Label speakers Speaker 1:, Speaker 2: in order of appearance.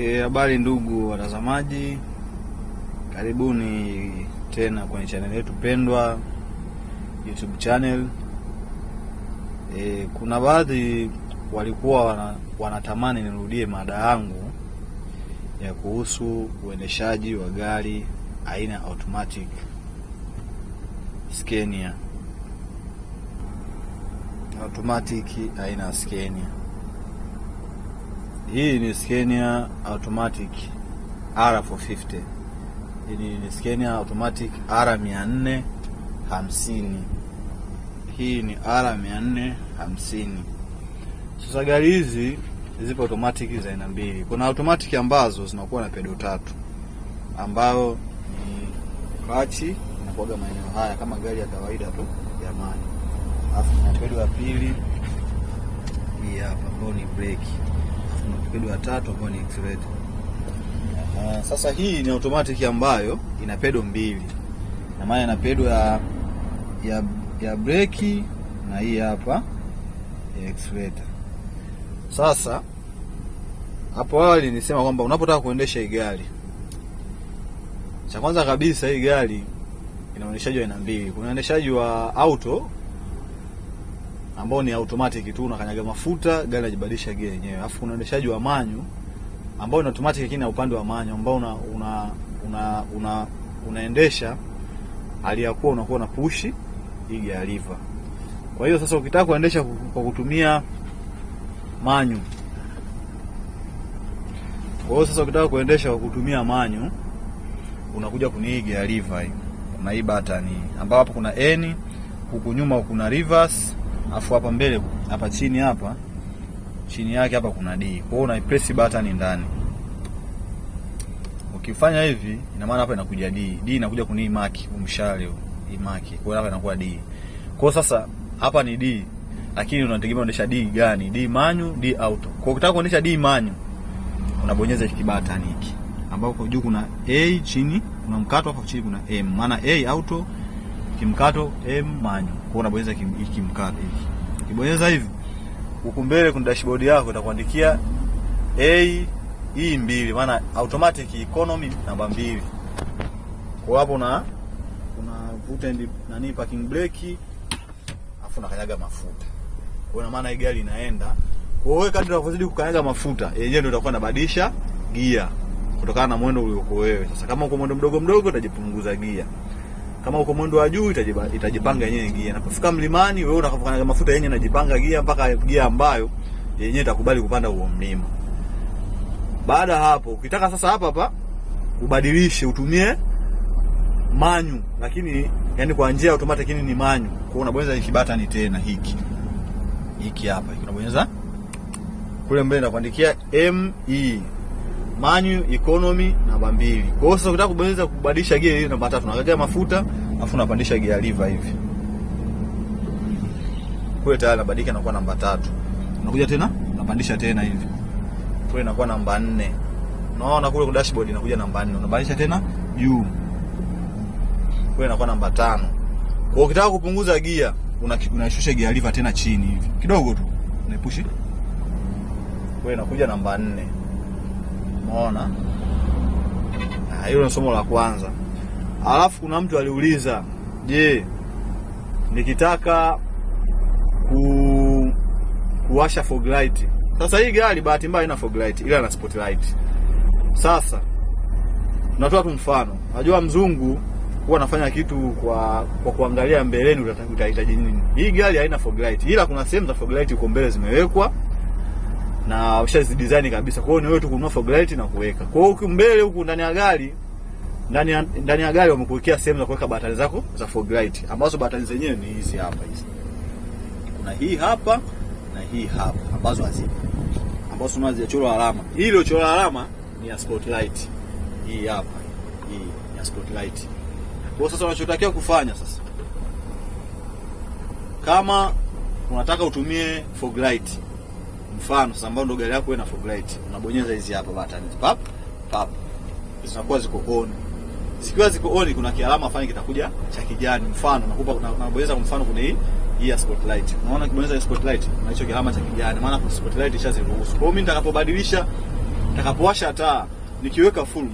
Speaker 1: E, habari e, ndugu watazamaji, karibuni tena kwenye channel yetu pendwa YouTube channel. E, kuna baadhi walikuwa wana, wanatamani nirudie mada yangu ya kuhusu uendeshaji wa gari aina ya automatic Scania, automatic aina ya Scania hii ni Scania automatic R450. Hii ni Scania automatic R450. Hii ni R450. Sasa gari hizi zipo automatic za aina mbili. Kuna automatic ambazo zinakuwa na pedo tatu, ambayo ni klachi inakuwaga maeneo haya kama gari ya kawaida tu jamani, alafu na pedo ya pili hii hapa, ambayo ni breki tuna orthopedi watatu ambayo ni accelerator. Aha, sasa hii ni automatic ambayo ina pedo mbili, na maana ina pedo ya ya, ya breki na hii hapa ya accelerator. Sasa hapo awali nilisema kwamba unapotaka kuendesha hii gari, cha kwanza kabisa hii gari ina uendeshaji wa aina mbili. Kuna uendeshaji wa auto ambao ni automatic tu, unakanyaga mafuta gari inajibadilisha gear yenyewe. Alafu kuna uendeshaji wa manyu ambao ni automatic, lakini upande wa manyu ambao una una una, una unaendesha hali ya kuwa unakuwa na pushi hii gear lever. Kwa hiyo sasa ukitaka kuendesha kwa kutumia manyu, kwa hiyo sasa ukitaka kuendesha kwa kutumia manyu unakuja kuni hii gear lever hii na hii button hii, ambapo kuna N huku nyuma kuna reverse afu hapa mbele hapa chini hapa chini yake hapa kuna D. Kwa hiyo unaipress button ndani. Ukifanya hivi ina maana hapa inakuja D. D inakuja kuni mark umshale mark. Kwa hiyo hapa inakuwa D. Kwa hiyo sasa hapa ni D. Lakini unategemea unaendesha D gani? D manyu, D auto. Kwa ukitaka kuendesha D manyu unabonyeza hiki button hiki ambapo juu kuna A, chini kuna mkato, hapo chini kuna M. Maana A auto kimkato M eh, manyo. Kwa hiyo unabonyeza kimkato hiki. Ukibonyeza hivi huku mbele kuna dashboard yako itakuandikia A hii e mbili maana automatic economy namba mbili. Kwa hapo na kuna una unavuta nani parking brake afu unakanyaga mafuta. Kwa hiyo maana hii gari inaenda. Kwa hiyo kadri unavyozidi kukanyaga mafuta, eh, yenyewe ndio itakuwa inabadilisha gia kutokana na mwendo ulioko wewe. Sasa kama uko mwendo mdogo mdogo utajipunguza gia. Kama uko mwendo wa juu itajipanga yenyewe gia. Napofika mlimani, wewe unakavuka mafuta yenyewe inajipanga gia mpaka gia ambayo yenyewe itakubali kupanda huo mlima. Baada hapo, ukitaka sasa hapa hapa ubadilishe utumie manyu, lakini yani kwa njia automatic ni manyu. Kwa hiyo unabonyeza hiki button tena hiki. Hiki hapa, unabonyeza kule mbele na kuandikia ME Manyu, Economy namba mbili. Kwa hiyo sasa ukitaka kubonyeza kubadilisha gia hiyo namba tatu, unaangalia mafuta afu unapandisha gia liva hivi. Kwa tayari nabadilika inakuwa namba tatu. Unakuja tena unapandisha tena hivi. Kwa inakuwa namba nne. Unaona kule kwa dashboard inakuja namba nne. Unabadilisha tena juu. Kwa inakuwa namba tano. Kwa hiyo ukitaka kupunguza gia unashusha gia liva tena chini hivi. Kidogo tu. Unaipushi. Kwa hiyo inakuja namba nne. Umeona, ah, hilo ni somo la kwanza. Alafu kuna mtu aliuliza, je, nikitaka ku, kuwasha fog light. Sasa hii gari bahati mbaya ina fog light, ila ina spot light. Sasa tunatoa tu mfano, najua mzungu huwa anafanya kitu kwa kwa kuangalia mbeleni utahitaji nini. Hii gari haina fog light, ila kuna sehemu za fog light huko mbele zimewekwa na washazi design kabisa. Kwa hiyo ni wewe tu kununua fog light na kuweka. Kwa hiyo mbele huku ndani ya gari ndani ya ndani ya gari wamekuwekea sehemu za kuweka batari zako za fog light ambazo batari zenyewe ni hizi hapa hizi. Kuna hii hapa na hii hapa ambazo hazipo. Ambazo unaona zimechorwa alama. Hii iliyochorwa alama ni ya spotlight. Hii hapa. Hii ni ya spotlight. Kwa sasa unachotakiwa kufanya sasa kama unataka utumie fog light Mfano sasa, ambao ndo gari yako ina fog light, unabonyeza hizi hapa button pap pap, zinakuwa ziko on. Zikiwa ziko on, kuna kialama fanya kitakuja cha kijani. Mfano nakupa, unabonyeza kwa mfano, kuna hii hii spotlight, unaona ukibonyeza spotlight na hicho kialama cha kijani, maana spotlight ishaziruhusu. Kwa hiyo mimi nitakapobadilisha, nitakapowasha taa nikiweka full